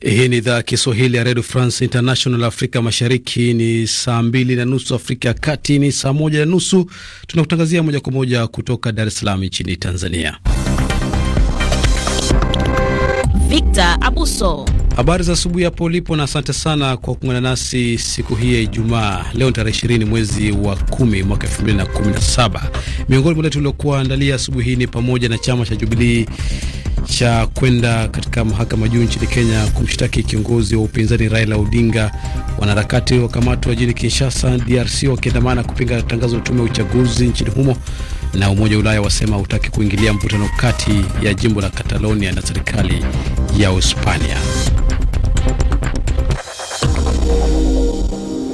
Hii ni idhaa ya Kiswahili ya redio France International. Afrika mashariki ni saa mbili na nusu, Afrika ya kati ni saa moja na nusu. Tunakutangazia moja kwa moja kutoka Dar es Salaam nchini Tanzania. Victor Abuso, habari za asubuhi hapo ulipo, na asante sana kwa kuungana nasi siku hii ya Ijumaa. Leo ni tarehe 20 mwezi wa 10 mwaka 2017. Miongoni mwa letu tuliokuwa andalia asubuhi hii ni pamoja na chama cha Jubilii cha kwenda katika mahakama juu nchini Kenya kumshtaki kiongozi wa upinzani Raila Odinga. Wanaharakati wakamatwa jijini Kinshasa, DRC, wakiandamana kupinga tangazo la tume ya uchaguzi nchini humo. Na Umoja wa Ulaya wasema utaki kuingilia mvutano kati ya jimbo la Catalonia na serikali ya Uhispania.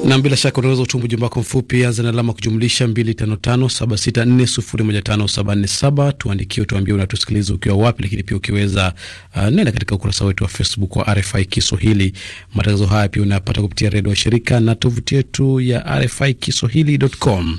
Nam, bila shaka unaweza utuma ujumbe wako mfupi, anza na alama kujumlisha 255764015747 tuandikie, tuambie unatusikiliza ukiwa wapi, lakini pia ukiweza, uh, nenda katika ukurasa wetu wa Facebook wa RFI Kiswahili. Matangazo haya pia unapata kupitia redio wa shirika na tovuti yetu ya RFI Kiswahili.com.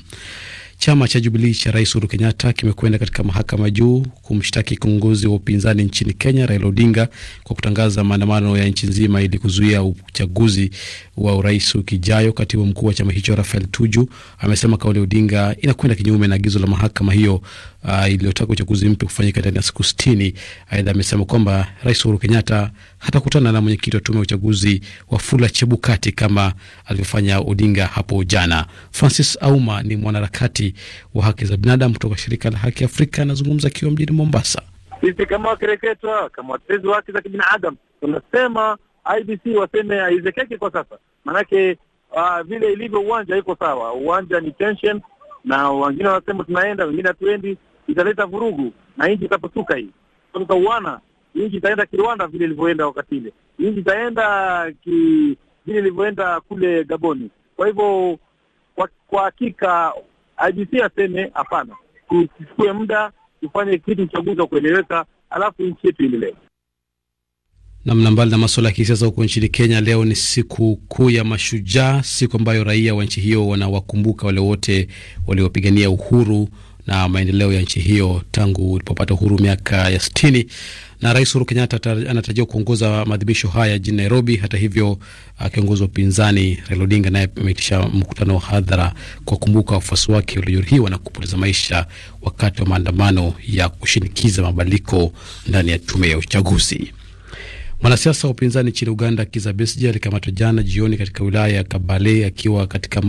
Chama cha Jubilii cha Rais Uhuru Kenyatta kimekwenda katika mahakama juu kumshtaki kiongozi wa upinzani nchini Kenya Raila Odinga kwa kutangaza maandamano ya nchi nzima ili kuzuia uchaguzi wa urais ukijayo. Katibu mkuu wa chama hicho Rafael Tuju amesema kauli ya Odinga inakwenda kinyume na agizo la mahakama hiyo uh, ah, iliyotaka uchaguzi mpya kufanyika ndani ya siku sitini. Aidha, amesema kwamba Rais Uhuru Kenyatta hatakutana na mwenyekiti wa tume ya uchaguzi Wafula Chebukati kama alivyofanya Odinga hapo jana. Francis Auma ni mwanaharakati wa haki za binadamu kutoka shirika la Haki Afrika, anazungumza akiwa mjini Mombasa. Sisi kama wakereketwa, kama watetezi wa haki za kibinadamu, tunasema IBC waseme aizekeke kwa sasa, maanake uh, ah, vile ilivyo uwanja iko sawa, uwanja ni tension, na wengine wanasema tunaenda, wengine hatuendi italeta vurugu na nchi itapasuka hii. Tutauana, nchi itaenda Kirwanda vile ilivyoenda wakati ile, nchi itaenda ki vile ilivyoenda kule Gaboni. Kwa hivyo kwa, kwa hakika IBC aseme hapana, tuchukue muda tufanye kitu uchaguzi wa kueleweka, alafu nchi yetu iendelee namna mbali na masuala ya kisiasa huko nchini Kenya. Leo ni siku kuu ya Mashujaa, siku ambayo raia wa nchi hiyo wanawakumbuka wale wote waliopigania uhuru na maendeleo ya nchi hiyo tangu ilipopata uhuru miaka ya sitini. Na Rais Uhuru Kenyatta anatarajiwa kuongoza maadhimisho haya jijini Nairobi. Hata hivyo, akiongoza uh, upinzani Raila Odinga naye ameitisha mkutano wa hadhara kuwakumbuka wafuasi wake waliojeruhiwa na kupoteza maisha wakati wa maandamano ya kushinikiza mabadiliko ndani ya tume ya uchaguzi. Mwanasiasa wa upinzani nchini Uganda Kizza Besigye alikamatwa jana jioni katika wilaya ya Kabale akiwa katika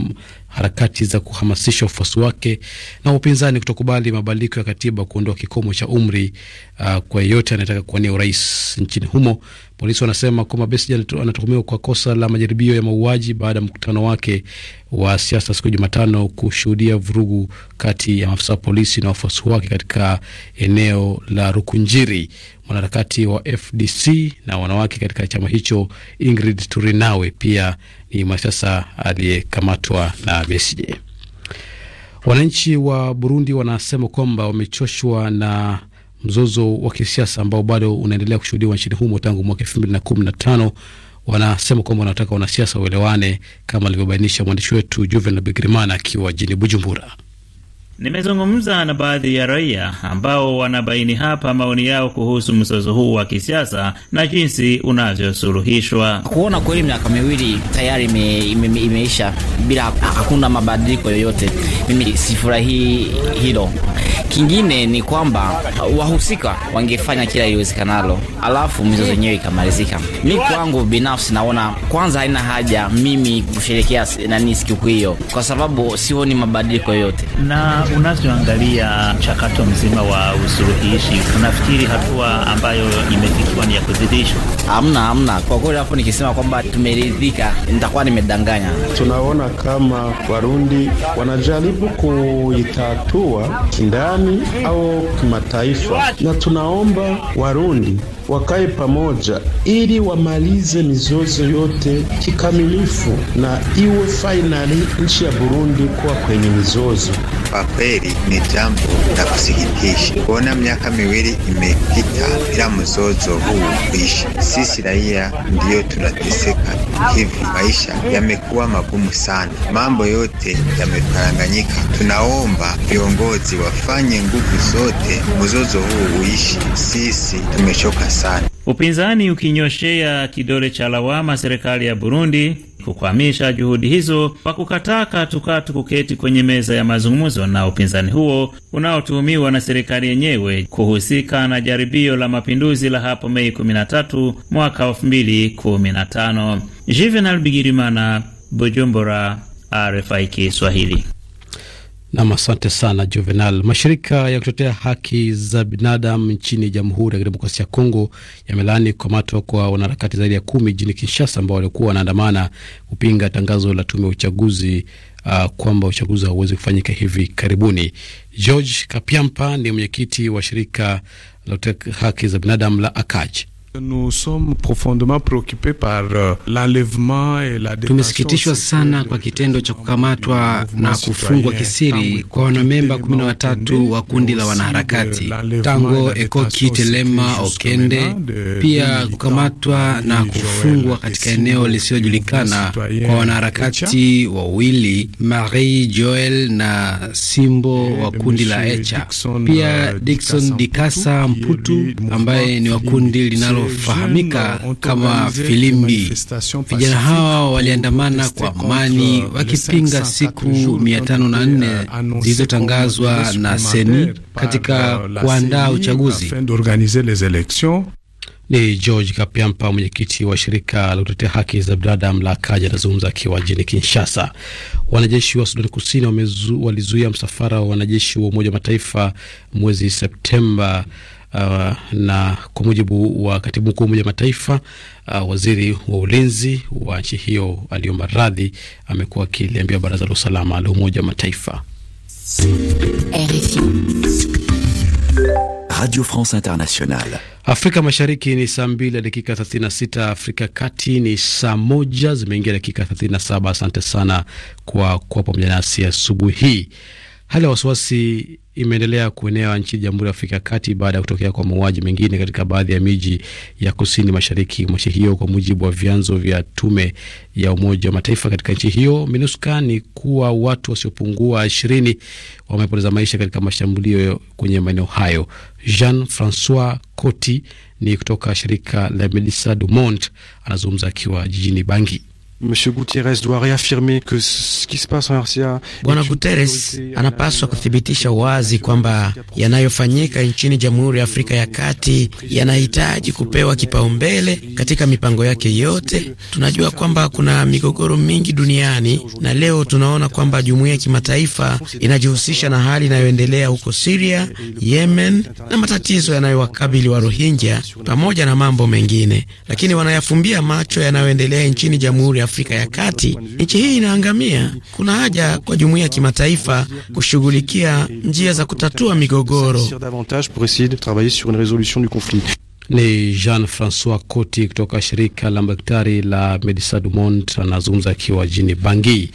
harakati za kuhamasisha wafuasi wake na upinzani kutokubali mabadiliko ya katiba kuondoa kikomo cha umri uh, kwa yeyote anayetaka kuwania urais nchini humo. Polisi wanasema kwamba Besigye anatuhumiwa kwa kosa la majaribio ya mauaji baada ya mkutano wake wa siasa siku ya Jumatano kushuhudia vurugu kati ya maafisa wa polisi na wafuasi wake katika eneo la Rukunjiri. Mwanaharakati wa FDC na wanawake katika chama hicho Ingrid Turinawe pia ni mwanasiasa aliyekamatwa na Besigye. Wananchi wa Burundi wanasema kwamba wamechoshwa na mzozo wa kisiasa ambao bado unaendelea kushuhudiwa nchini humo tangu mwaka elfu mbili na kumi na tano. Wanasema kwamba wanataka wanasiasa waelewane, kama alivyobainisha mwandishi wetu Juvenal Bigrimana akiwa jini Bujumbura. Nimezungumza na baadhi ya raia ambao wanabaini hapa maoni yao kuhusu mzozo huu wa kisiasa na jinsi unavyosuluhishwa. Kuona kweli miaka miwili tayari ime, ime, imeisha bila hakuna mabadiliko yoyote, mimi sifurahii hilo. Kingine ni kwamba wahusika wangefanya kila iliwezekanalo, alafu mizozo yenyewe ikamalizika. Mi kwangu binafsi naona kwanza haina haja mimi kusherekea nani sikukuu hiyo, kwa sababu sioni mabadiliko yoyote na unavyoangalia mchakato mzima wa usuluhishi, unafikiri hatua ambayo imefikiwa ni ya kuridhishwa? Amna, amna. Kwa kweli hapo nikisema kwamba tumeridhika nitakuwa nimedanganya. Tunaona kama Warundi wanajaribu kuitatua ndani au kimataifa, na tunaomba Warundi wakae pamoja ili wamalize mizozo yote kikamilifu na iwe fainali nchi ya Burundi kuwa kwenye mizozo kwa kweli ni jambo la kusikitisha kuona miaka miwili imepita bila mzozo huu kuishi. Sisi raia ndiyo tunateseka hivi, maisha yamekuwa magumu sana, mambo yote yameparanganyika. Tunaomba viongozi wafanye nguvu zote mzozo huu uishi, sisi tumechoka sana. Upinzani ukinyoshea kidole cha lawama serikali ya Burundi kukwamisha juhudi hizo kwa kukataa katukatu kuketi kwenye meza ya mazungumzo na upinzani huo unaotuhumiwa na serikali yenyewe kuhusika na jaribio la mapinduzi la hapo Mei 13 mwaka 2015. Juvenal Bigirimana, Bujumbura, RFI Kiswahili. Nam, asante sana Juvenal. Mashirika ya kutetea haki za binadamu nchini Jamhuri ya Kidemokrasia ya Kongo yamelaani kukamatwa kwa wanaharakati zaidi ya kumi jijini Kinshasa ambao walikuwa wanaandamana kupinga tangazo la tume ya uchaguzi uh, kwamba uchaguzi hauwezi kufanyika hivi karibuni. George Kapiampa ni mwenyekiti wa shirika la kutetea haki za binadamu la ACAJ. Nous sommes profondément préoccupés par euh, l'enlèvement et la tumesikitishwa sana kwa kitendo cha kukamatwa na kufungwa kisiri kwa wanamemba 13 wa kundi la wanaharakati Tango Ekoki Telema Okende, pia kukamatwa na kufungwa katika eneo lisiyojulikana kwa wanaharakati wawili Marie Joel na Simbo wa kundi la Echa, pia euh, Dikson Dikasa Mputu ambaye ni wa kundi linalo inayofahamika kama filimbi. Vijana hawa waliandamana kwa amani wakipinga siku 504 zilizotangazwa na euh, seni katika euh, kuandaa uchaguzi. Ni George Kapiampa, mwenyekiti wa shirika la kutetea haki za binadamu la Kaja, anazungumza akiwa jini Kinshasa. Wanajeshi wa Sudani Kusini walizuia msafara wa wanajeshi wa Umoja wa Mataifa mwezi Septemba uh, na kwa mujibu wa katibu mkuu wa Umoja Mataifa uh, waziri wa ulinzi wa nchi hiyo aliomba radhi, amekuwa akiliambia baraza la usalama la Umoja Mataifa. Radio France Internationale. Afrika Mashariki ni saa mbili ya dakika 36, Afrika Kati ni saa moja zimeingia dakika 37. Asante sana kwa kuwa pamoja nasi asubuhi hii. Hali ya wasiwasi imeendelea kuenea nchini Jamhuri ya Afrika ya Kati baada ya kutokea kwa mauaji mengine katika baadhi ya miji ya kusini mashariki mwa nchi hiyo, kwa mujibu wa vyanzo vya tume ya Umoja wa Mataifa katika nchi hiyo MINUSCA, ni kuwa watu wasiopungua ishirini wamepoteza maisha katika mashambulio kwenye maeneo hayo. Jean Francois Coti ni kutoka shirika la Melissa dumont anazungumza akiwa jijini Bangi. Monsieur Gutierrez doit réaffirmer que ce qui se passe en RCA. Bwana Guterres anapaswa kuthibitisha wazi kwamba yanayofanyika nchini Jamhuri ya Afrika ya Kati yanahitaji kupewa kipaumbele katika mipango yake yote. Tunajua kwamba kuna migogoro mingi duniani na leo tunaona kwamba jumuiya ya kimataifa inajihusisha na hali inayoendelea huko Syria, Yemen na matatizo yanayowakabili wa Rohingya pamoja na mambo mengine. Lakini wanayafumbia macho yanayoendelea nchini Jamhuri Afrika ya Kati, nchi hii inaangamia. Kuna haja kwa jumuiya ya kimataifa kushughulikia njia za kutatua migogoro. Ni Jean Francois Koti kutoka shirika la madaktari la Medecins du Monde anazungumza akiwa jini Bangi.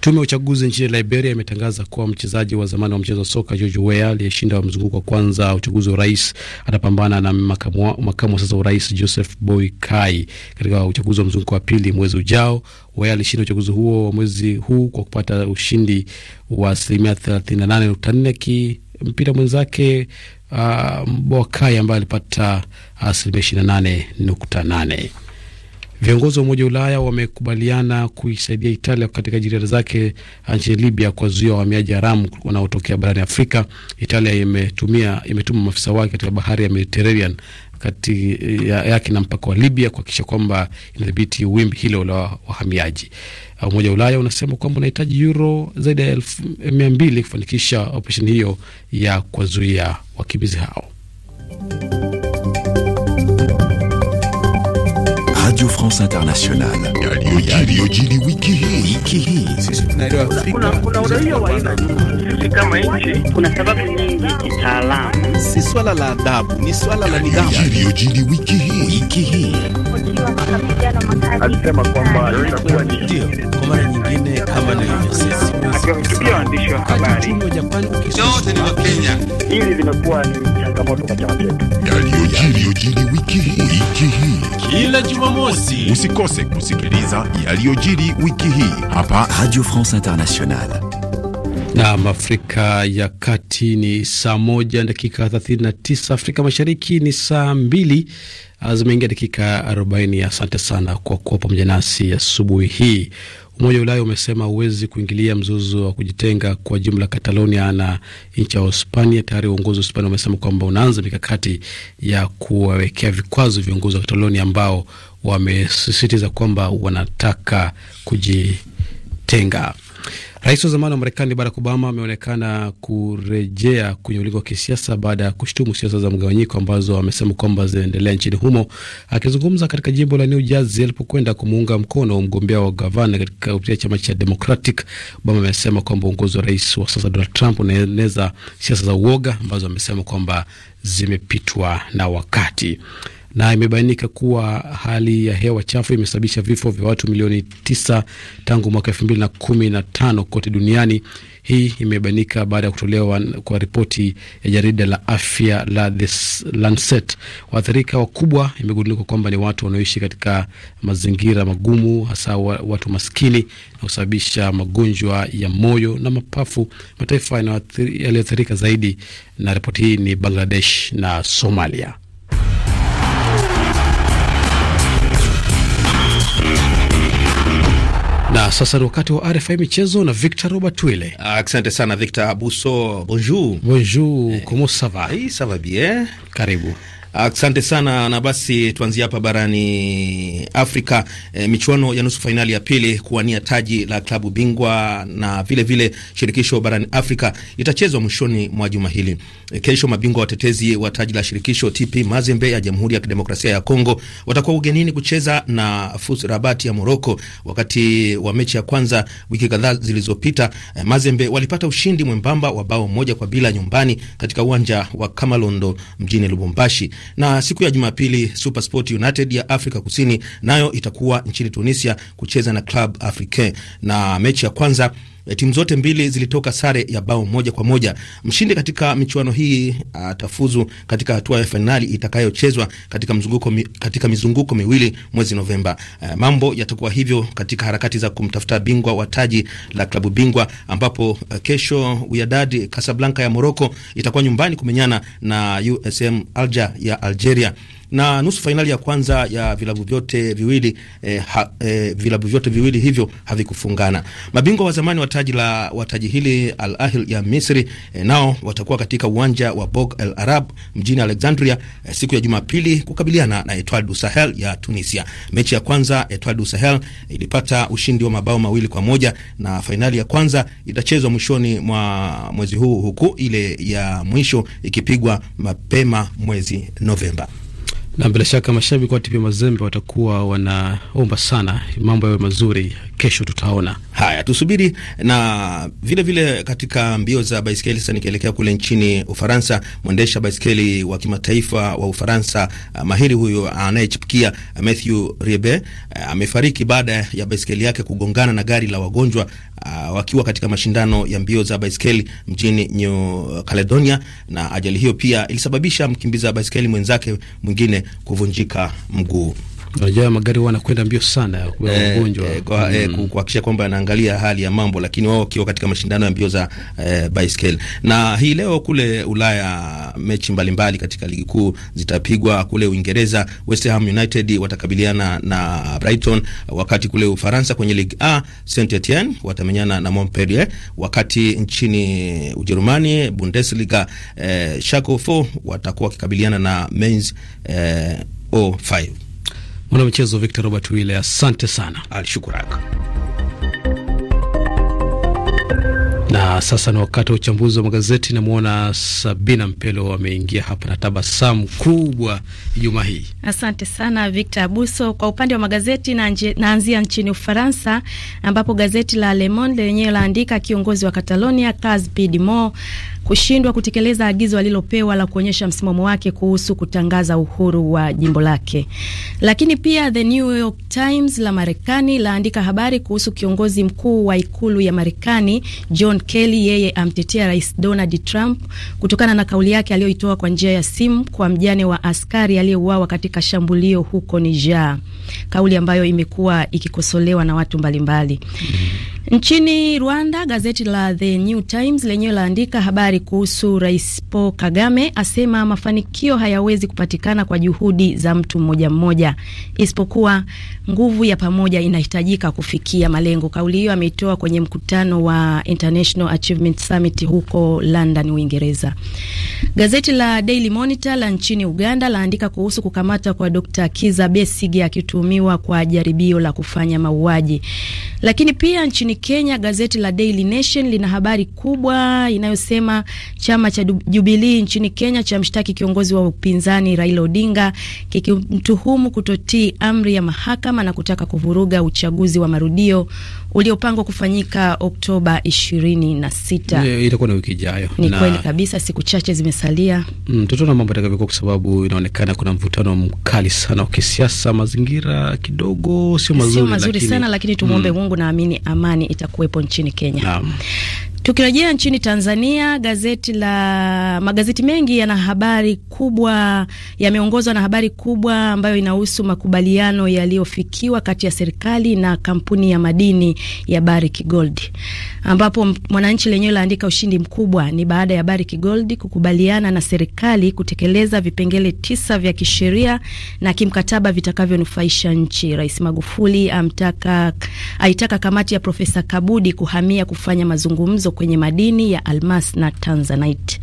Tume ya uchaguzi nchini Liberia imetangaza kuwa mchezaji wa zamani wa mchezo wa soka George Weah aliyeshinda wa mzunguko wa kwanza uchaguzi wa urais atapambana na makamu wa sasa wa rais Joseph Boy Kai katika uchaguzi wa mzunguko wa pili mwezi ujao. Weah alishinda uchaguzi huo wa mwezi huu kwa kupata ushindi wa asilimia 38.4 akimpita mwenzake uh, ambaye alipata asilimia ishirini na nane nukta nane. Viongozi wa Umoja wa Ulaya wamekubaliana kuisaidia Italia katika jitihada zake nchini Libya kwa kuwazuia wahamiaji haramu wanaotokea barani Afrika. Italia imetumia imetuma maafisa wake katika bahari ya Mediterranean kati eh, yake ya na mpaka wa Libya kuhakikisha kwamba inadhibiti wimbi hilo la wahamiaji. Uh, Umoja wa Ulaya unasema kwamba unahitaji euro zaidi ya elfu eh, mia mbili kufanikisha operesheni hiyo ya kuwazuia wakimbizi hao. Radio France Internationale yaliyojiri wiki hii. Sisi kama nchi, kuna sababu nyingi kitaalamu, si swala la adabu, ni swala la nidhamu. Yaliyojiri wiki hii alisema kwamba itakuwa ni ndio kwa mara nyingine kama nilivyosisi, akiwahutubia waandishi wa habari, yote ni wa Kenya. Hili limekuwa ni changamoto kwa chama chetu. Yaliyojiri wiki hii kila Jumamosi, usikose kusikiliza yaliyojiri wiki hii hapa Radio France Internationale. Nam Afrika ya Kati ni saa moja dakika 39, Afrika Mashariki ni saa mbili ah, zimeingia dakika arobaini. Asante sana kwa kuwa pamoja nasi asubuhi hii. Umoja wa Ulaya umesema huwezi kuingilia mzozo wa kujitenga kwa la Catalonia na nchi ya Uhispania. Tayari uongozi wa Hispania umesema kwamba unaanza mikakati ya kuwawekea vikwazo viongozi wa Catalonia ambao wamesisitiza kwamba wanataka kujitenga. Rais wa zamani wa Marekani Barack Obama ameonekana kurejea kwenye ulingo wa kisiasa baada ya kushtumu siasa za mgawanyiko ambazo amesema kwamba zinaendelea nchini humo. Akizungumza katika jimbo la New Jersey alipokwenda kumuunga mkono mgombea wa gavana katika kupitia chama cha Democratic, Obama amesema kwamba uongozi wa rais wa sasa Donald Trump unaeneza siasa za uoga ambazo amesema kwamba zimepitwa na wakati na imebainika kuwa hali ya hewa chafu imesababisha vifo vya watu milioni tisa tangu mwaka elfu mbili na kumi na tano kote duniani. Hii imebainika baada ya kutolewa kwa ripoti ya jarida la afya la The Lancet. Waathirika wakubwa imegundulika kwamba ni watu wanaoishi katika mazingira magumu, hasa watu maskini na kusababisha magonjwa ya moyo na mapafu. Mataifa yaliyoathirika zaidi na ripoti hii ni Bangladesh na Somalia. Na sasa ni wakati wa RFI michezo na Victor Robert Wile. Asante sana Victor Abuso. Bonjour. Bonjour. Eh, comment ça va? Eh, ça va bien. Karibu. Asante sana na basi, tuanzie hapa barani Afrika. E, michuano ya nusu fainali ya pili kuwania taji la klabu bingwa na vile vile shirikisho barani Afrika itachezwa mwishoni mwa juma hili. E, kesho mabingwa watetezi wa taji la shirikisho TP Mazembe ya Jamhuri ya Kidemokrasia ya Kongo watakuwa ugenini kucheza na FUS Rabat ya Moroko. Wakati wa mechi ya kwanza wiki kadhaa zilizopita, e, Mazembe walipata ushindi mwembamba wa bao moja kwa bila nyumbani katika uwanja wa Kamalondo mjini Lubumbashi. Na siku ya Jumapili, SuperSport United ya Afrika Kusini nayo itakuwa nchini Tunisia kucheza na Club Africain na mechi ya kwanza Eh, timu zote mbili zilitoka sare ya bao moja kwa moja. Mshindi katika michuano hii atafuzu katika hatua ya fainali itakayochezwa katika mzunguko, katika mizunguko miwili mwezi Novemba. Uh, mambo yatakuwa hivyo katika harakati za kumtafuta bingwa wa taji la klabu bingwa ambapo uh, kesho Wydad Casablanca ya Morocco itakuwa nyumbani kumenyana na USM Alger ya Algeria na nusu fainali ya kwanza ya vilabu vyote viwili eh, ha, eh, vilabu vyote viwili hivyo havikufungana. Mabingwa wa zamani wa taji la wa taji hili Al Ahly ya Misri eh, nao watakuwa katika uwanja wa Bog El Arab mjini Alexandria eh, siku ya Jumapili kukabiliana na Etoile du Sahel ya Tunisia. Mechi ya kwanza Etoile du Sahel eh, ilipata ushindi wa mabao mawili kwa moja na fainali ya kwanza itachezwa mwishoni mwa mwezi huu huku ile ya mwisho ikipigwa mapema mwezi Novemba na bila shaka mashabiki wa TP Mazembe watakuwa wanaomba sana mambo yawe mazuri kesho tutaona. Haya, tusubiri. Na vile vile katika mbio za baiskeli sasa, nikielekea kule nchini Ufaransa, mwendesha baiskeli wa kimataifa wa Ufaransa uh, mahiri huyu anayechipukia uh, Riebe uh, amefariki baada ya baiskeli yake kugongana na gari la wagonjwa uh, wakiwa katika mashindano ya mbio za baiskeli mjini New Caledonia, na ajali hiyo pia ilisababisha mkimbiza baiskeli mwenzake mwingine kuvunjika mguu. Unajua magari huwa anakwenda mbio sana kwa ugonjwa eh, eh, kwa eh, mm. kuhakikisha kwamba anaangalia hali ya mambo, lakini wao wakiwa katika mashindano ya mbio za eh, baiskeli. Na hii leo kule Ulaya mechi mbalimbali mbali katika ligi kuu zitapigwa. Kule Uingereza West Ham United watakabiliana na Brighton, wakati kule Ufaransa kwenye ligi A Saint Etienne watamenyana na Montpellier, wakati nchini Ujerumani Bundesliga eh, Schalke 04 watakuwa wakikabiliana na Mainz eh, 05. Mwanamichezo Victor Robert Wille, asante sana. Alshukuraka. Na sasa ni wakati wa uchambuzi wa magazeti. Namwona Sabina Mpelo ameingia hapa na tabasamu kubwa Ijumaa hii. Asante sana Victor Abuso. Kwa upande wa magazeti, naanzia nchini Ufaransa ambapo gazeti la Le Monde lenyewe laandika kiongozi wa Catalonia Carles Puigdemont kushindwa kutekeleza agizo alilopewa la kuonyesha msimamo wake kuhusu kutangaza uhuru wa jimbo lake. Lakini pia The New York Times la Marekani laandika habari kuhusu kiongozi mkuu wa ikulu ya Marekani John Kelly, yeye amtetea Rais Donald Trump kutokana na kauli yake aliyoitoa kwa njia ya simu kwa mjane wa askari aliyeuawa katika shambulio huko Niger kauli ambayo imekuwa ikikosolewa na watu mbalimbali mbali. Nchini Rwanda, gazeti la The New Times lenyewe laandika habari kuhusu Rais Paul Kagame asema mafanikio hayawezi kupatikana kwa juhudi za mtu mmoja mmoja, isipokuwa nguvu ya pamoja inahitajika kufikia malengo. Kauli hiyo ameitoa kwenye mkutano wa International Achievement Summit huko London, Uingereza. Gazeti la Daily Monitor la nchini Uganda laandika kuhusu kukamata kwa Dr. Kiza Besigye akitu anatuhumiwa kwa jaribio la kufanya mauaji. Lakini pia nchini Kenya, gazeti la Daily Nation lina habari kubwa inayosema chama cha Jubilee nchini Kenya cha mshtaki kiongozi wa upinzani Raila Odinga kikimtuhumu kutotii amri ya mahakama na kutaka kuvuruga uchaguzi wa marudio uliopangwa kufanyika Oktoba 26. Itakuwa ni wiki ijayo. Ni kweli kabisa, siku chache zimesalia. Mm, tutaona mambo yatakavyokuwa kwa sababu inaonekana kuna mvutano mkali sana wa kisiasa, mazingira kidogo sio mazuri, sio mazuri lakini, sana lakini tumwombe mm, Mungu naamini amani itakuwepo nchini Kenya. Naam. Tukirejea nchini Tanzania, gazeti la magazeti mengi yana habari kubwa, yameongozwa na habari kubwa ambayo inahusu makubaliano yaliyofikiwa kati ya serikali na kampuni ya madini ya Barrick Gold, ambapo Mwananchi lenyewe laandika ushindi mkubwa ni baada ya Barrick Gold kukubaliana na serikali kutekeleza vipengele tisa vya kisheria na kimkataba vitakavyonufaisha nchi. Rais Magufuli amtaka aitaka kamati ya Profesa Kabudi kuhamia kufanya mazungumzo kwenye madini ya almas na tanzanite.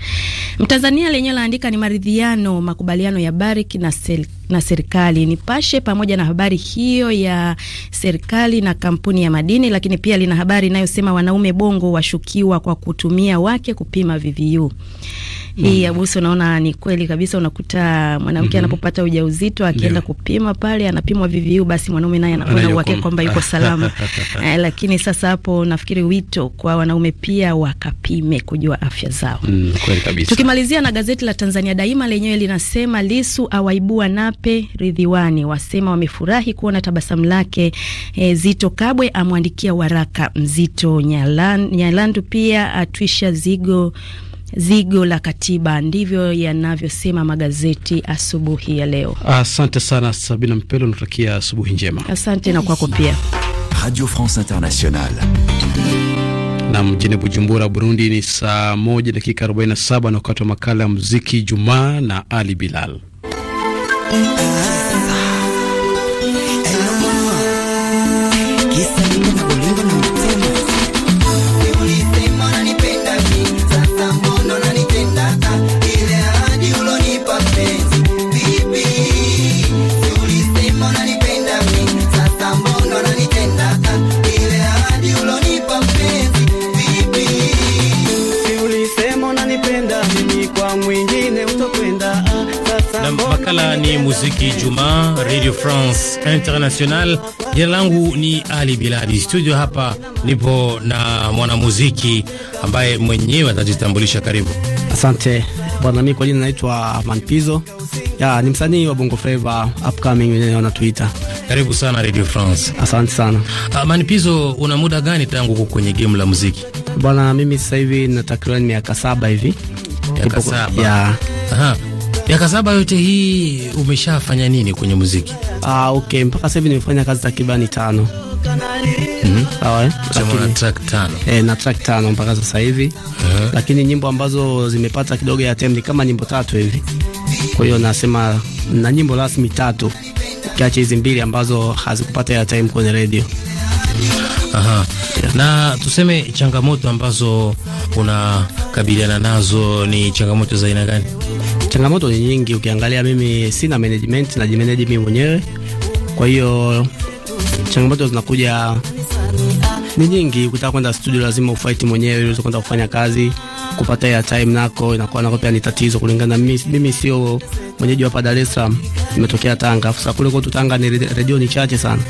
Mtanzania lenyewe laandika ni maridhiano makubaliano ya Barik na Selk na serikali. Nipashe pamoja na habari hiyo ya serikali na kampuni ya madini, lakini pia lina habari inayosema wanaume bongo washukiwa kwa kutumia wake kupima VVU. Hii mm-hmm. abusi, unaona ni kweli kabisa. Unakuta mwanamke mm -hmm. anapopata ujauzito akienda kupima pale, anapimwa VVU, basi mwanaume naye anakuwa uhakika kwamba yuko salama eh, lakini sasa hapo nafikiri wito kwa wanaume pia wakapime kujua afya zao. Mm, kweli kabisa. Tukimalizia na gazeti la Tanzania Daima lenyewe linasema Lisu awaibua na Chape Ridhiwani wasema wamefurahi kuona tabasamu lake. E, Zito Kabwe amwandikia waraka Mzito Nyalan, Nyalandu pia atwisha zigo zigo la katiba. Ndivyo yanavyosema magazeti asubuhi ya leo. Asante sana Sabina Mpelo, natutakia asubuhi njema. Asante na kwako pia. Radio France Internationale na mjini Bujumbura, Burundi ni saa moja dakika 47 na wakati wa makala ya muziki Jumaa na Ali Bilal. I muziki juma Radio France International. Jina langu ni Ali Biladi, studio hapa nipo na mwanamuziki ambaye mwenyewe atajitambulisha. Karibu. Asante bwana, mimi kwa jina naitwa Manpizo ya ni msanii wa Bongo Flava upcoming, wenyewe wanatuita. Karibu sana Radio France. Asante sana. Manpizo, una muda gani tangu uko kwenye game la muziki? Bwana, mimi sasa hivi na takriban miaka saba hivi. Miaka saba. Ya. Aha. Miaka saba yote hii umeshafanya nini kwenye muziki? Ah, okay, mpaka sasa hivi nimefanya kazi takribani tano. Mm Sawa, eh? na track tano. Eh, na track mpaka sasa hivi. Uh eh. -huh. Lakini nyimbo ambazo zimepata kidogo ya time kama nyimbo tatu hivi. Kwa hiyo nasema na nyimbo rasmi tatu. Kiacha hizi mbili ambazo hazikupata ya time kwenye radio. Aha. Yeah. Na tuseme changamoto ambazo unakabiliana nazo ni changamoto za aina gani? Changamoto ni nyingi, ukiangalia mimi sina management, najimanage mimi mwenyewe, kwa hiyo changamoto zinakuja ni nyingi. Ukitaka kwenda studio lazima ufight mwenyewe ili uweze kwenda kufanya kazi, kupata ya time nako inakuwa nako pia ni tatizo, kulingana mimi mimi sio mwenyeji hapa Dar es Salaam, nimetokea Tanga. Sasa kule kwetu Tanga ni redio ni chache sana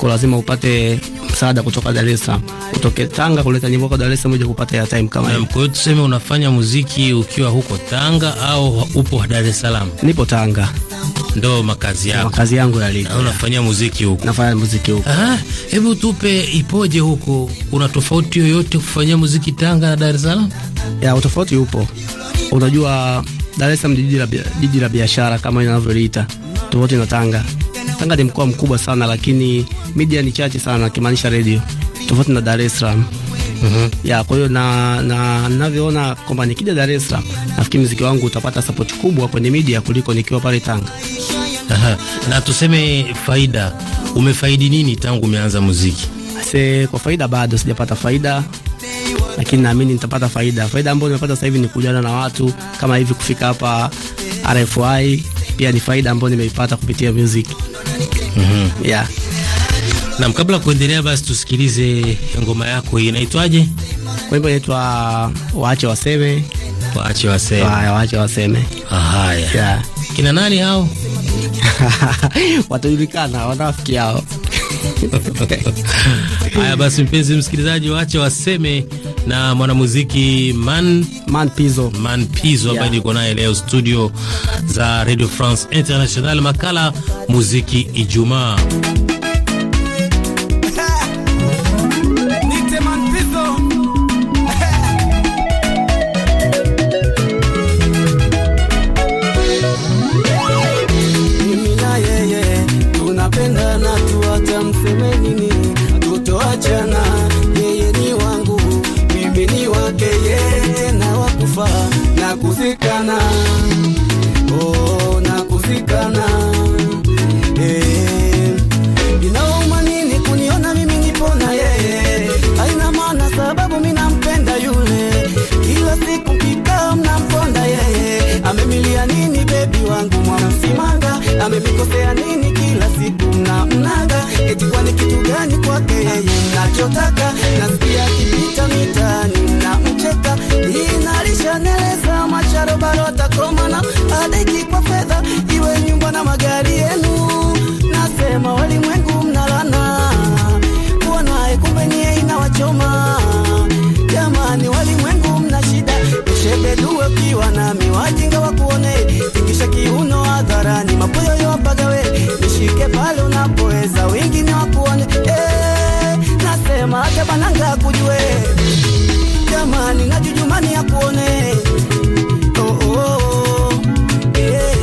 kwa lazima upate msaada kutoka Dar es Salaam, kutoka Tanga kuleta nyimbo kwa Dar es Salaam uje kupata ya time kama hiyo. Kwa hiyo tuseme unafanya muziki ukiwa huko Tanga au upo Dar es Salaam? Nipo Tanga. Ndo makazi yako? Makazi yangu yaliko. Na unafanya muziki huko? Nafanya muziki huko. Ah, hebu tupe ipoje huko? Kuna tofauti yoyote kufanyia muziki Tanga na Dar es Salaam? Ya utofauti upo. Unajua Dar es Salaam jiji la jiji la biashara kama inavyoliita Tofauti na Tanga. Tanga ni mkoa mkubwa sana, lakini media ni chache sana, kimaanisha redio, tofauti na Dar es Salaam. Mm -hmm. Ya, kwa hiyo na na ninavyoona kwamba nikija Dar es Salaam nafikiri muziki wangu utapata support kubwa kwenye media kuliko nikiwa pale Tanga. Aha. Na tuseme faida, umefaidi nini tangu umeanza muziki? Ase, kwa faida bado sijapata faida, lakini naamini nitapata faida. Faida ambayo nimepata sasa hivi ni kujana na watu kama hivi, kufika hapa RFI pia ni faida ambayo nimeipata kupitia muziki mm -hmm. yeah. Na kabla kuendelea, basi tusikilize ngoma yako hii, inaitwaje? Kwa hivyo inaitwa waache waseme, waache waseme, waache waseme. Haya, yeah. Kina nani hao? Watajulikana wanafiki hao. Haya basi, mpenzi msikilizaji, waache waseme na mwanamuziki Man Man Pizo Man Pizo ambaye yeah, niko naye leo studio za Radio France International, makala muziki Ijumaa. gani kwake yeye nachotaka nasikia kimita mitani na mcheka inalishaneleza macharobaro atakomana adeki kwa fedha iwe nyumba na magari yenu nasema walimwengu mnalana kuwa naye kumbe niye inawachoma duwe ukiwa nami, wajinga wakuone, tingisha kiuno hadharani, mapoyo yowapagawe, nishike pale unapoweza, wengine wakuone. Eh, nasema acha bananga kujue, jamani najujumani ya kuone oh, oh, oh. Eh,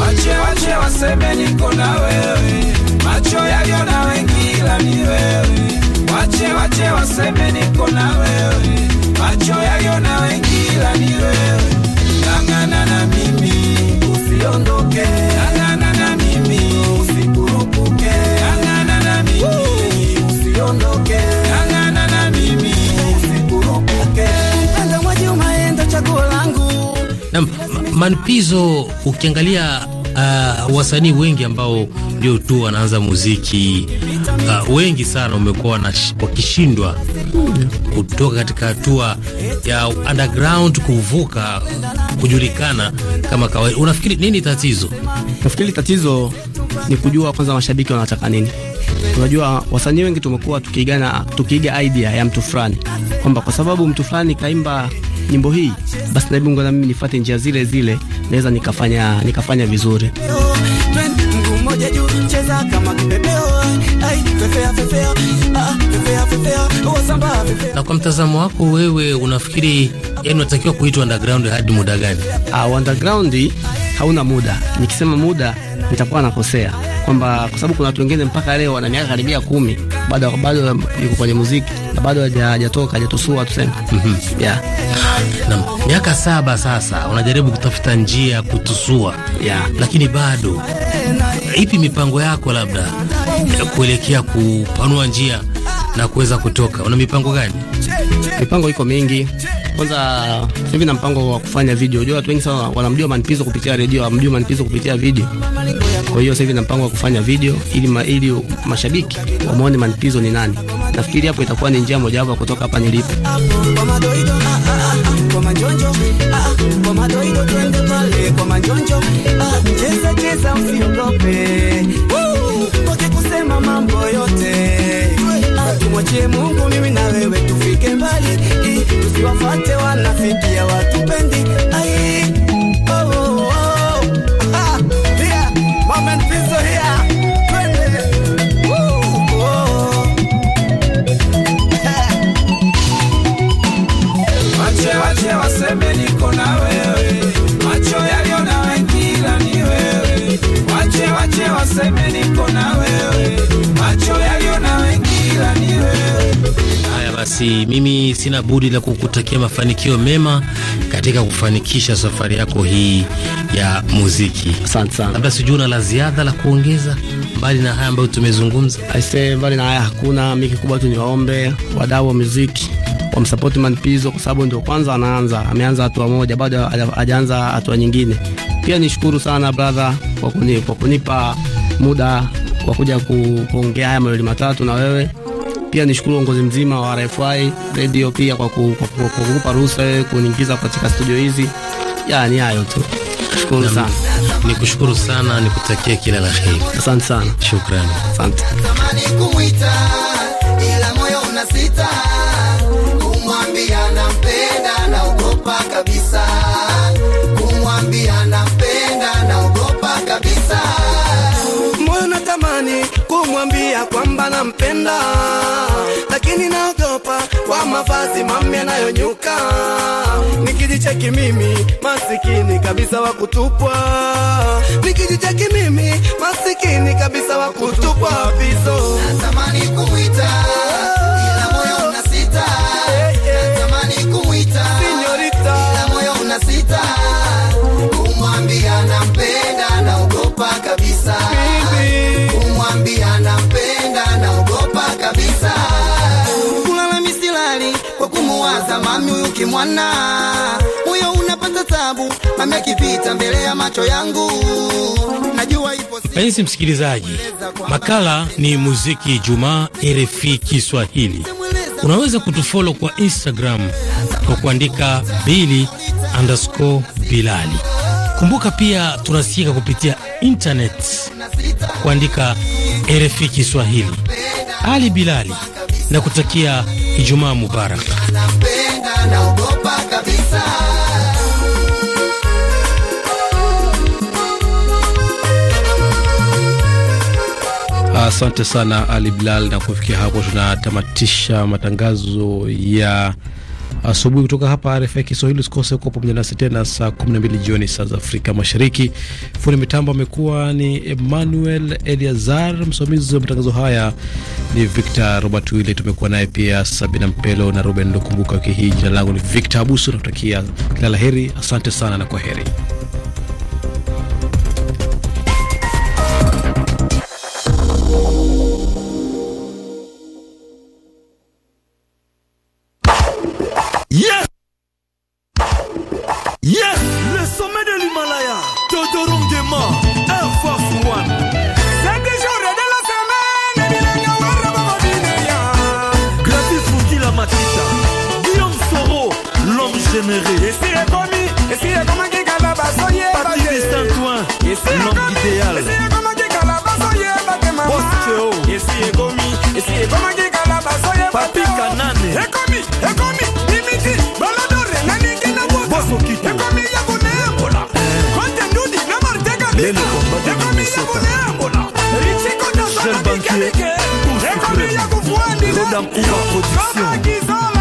Wache wache waseme niko na wewe, macho yaliona wengi ila ni wewe wache wache waseme niko na wewe, macho ni wewe. Ng'ang'ana na mimi usiondoke, ng'ang'ana na mimi usikurupuke, ng'ang'ana na mimi usiondoke, ng'ang'ana na mimi usikurupuke. mwaji umaenda chaguo langu na manpizo ukiangalia Uh, wasanii wengi ambao ndio tu wanaanza muziki uh, wengi sana wamekuwa wakishindwa kutoka katika hatua ya underground kuvuka kujulikana kama kawaida. Unafikiri nini tatizo? Nafikiri tatizo ni kujua kwanza mashabiki wanataka nini. Unajua, wasanii wengi tumekuwa tukiigana tukiiga idea ya mtu fulani, kwamba kwa sababu mtu fulani kaimba nyimbo hii, basi na mimi nifuate njia zile zile, naweza nikafanya nikafanya vizuri moja juu, cheza kama kipepeo, ai fefea fefea, ah, ah fefea fefea, wasambaa fefea. Na kwa mtazamo wako wewe, unafikiri yani unatakiwa kuitwa underground hadi muda gani? Ah, underground hauna muda. Nikisema muda nitakuwa nakosea kwamba kwa sababu kuna watu wengine mpaka leo wana miaka karibia kumi bado bado yuko kwenye muziki na bado hajatoka hajatosoa tuseme. mm -hmm. yeah. na miaka saba sasa unajaribu kutafuta njia kutusua yeah. lakini bado ipi mipango yako labda kuelekea kupanua njia na kuweza kutoka, una mipango gani? Mipango iko mingi. Kwanza hivi na mpango wa kufanya video. Unajua watu wengi sana wanamjua Manpizo kupitia redio, wanamjua Manpizo kupitia video. Kwa hiyo sasa hivi na mpango wa kufanya video ili ma, ili mashabiki waone Manpizo ni nani. Nafikiri hapo itakuwa ni njia mojawapo kutoka hapa nilipo. tumwache Mungu, mimi na wewe tufike mbali, tusiwafate wanafiki ya watupendi ai oh, oh, oh. basi mimi sina budi la kukutakia mafanikio mema katika kufanikisha safari yako hii ya muziki. Asante sana. Labda sijui una la ziada la kuongeza mbali na haya ambayo tumezungumza? Aise, mbali na haya hakuna. Mimi kikubwa tu niwaombe wadau wa muziki wamsapoti Man kwa sababu ndio kwanza anaanza, ameanza hatua moja, bado hajaanza hatua nyingine. Pia nishukuru sana brother kwa kunipa muda wa kuja kuongea haya mawili matatu na wewe pia nishukuru uongozi mzima wa RFI radio pia kwa kukupa ruhusa wewe kuniingiza katika studio hizi. Yani hayo tu. Shukuru sana. Nikushukuru sana, nikutakie kila la heri. Asante sana. Shukrani. Asante. Ila moyo unasita kumwambia nampenda, kabisa kumwambia nampenda, kabisa jirani kumwambia kwamba nampenda, lakini naogopa kwa mavazi mami anayonyuka. nikijicheki mimi masikini kabisa wa kutupwa, nikijicheki mimi masikini kabisa wa kutupwa viso. Natamani kuita sasa mami, huyu kimwana huyo unapata tabu, mami akipita mbele ya macho yangu najua ipo. Penzi msikilizaji, makala ni muziki Ijumaa, RFI Kiswahili. Unaweza kutufolo kwa Instagram kwa kuandika bili underscore bilali. Kumbuka pia tunasikika kupitia internet kuandika RFI Kiswahili. Ali Bilali na kutakia Ijumaa mubarak. Asante sana Ali Bilal, na kufikia hapo tunatamatisha matangazo ya asubuhi kutoka hapa RFI Kiswahili. Usikose kuwa pamoja nasi tena saa 12 jioni saa za Afrika Mashariki. Fundi mitambo amekuwa ni Emmanuel Eliazar, msimamizi wa matangazo haya ni Victor Robert Wille, tumekuwa naye pia Sabina Mpelo na Ruben Lukumbuka wiki hii. Jina langu ni Victor Abusu, nakutakia kila la heri. Asante sana na kwa heri. Madame Coura Production.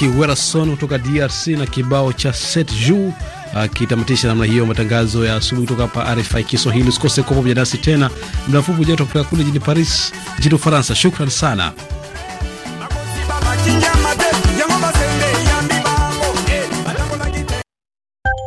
mwanamuziki Werason kutoka DRC na kibao cha set ju akitamatisha namna hiyo matangazo ya asubuhi kutoka hapa RFI Kiswahili. Usikose kuwa pamoja nasi tena muda mfupi ujao, kule jijini Paris nchini Ufaransa. Shukran sana.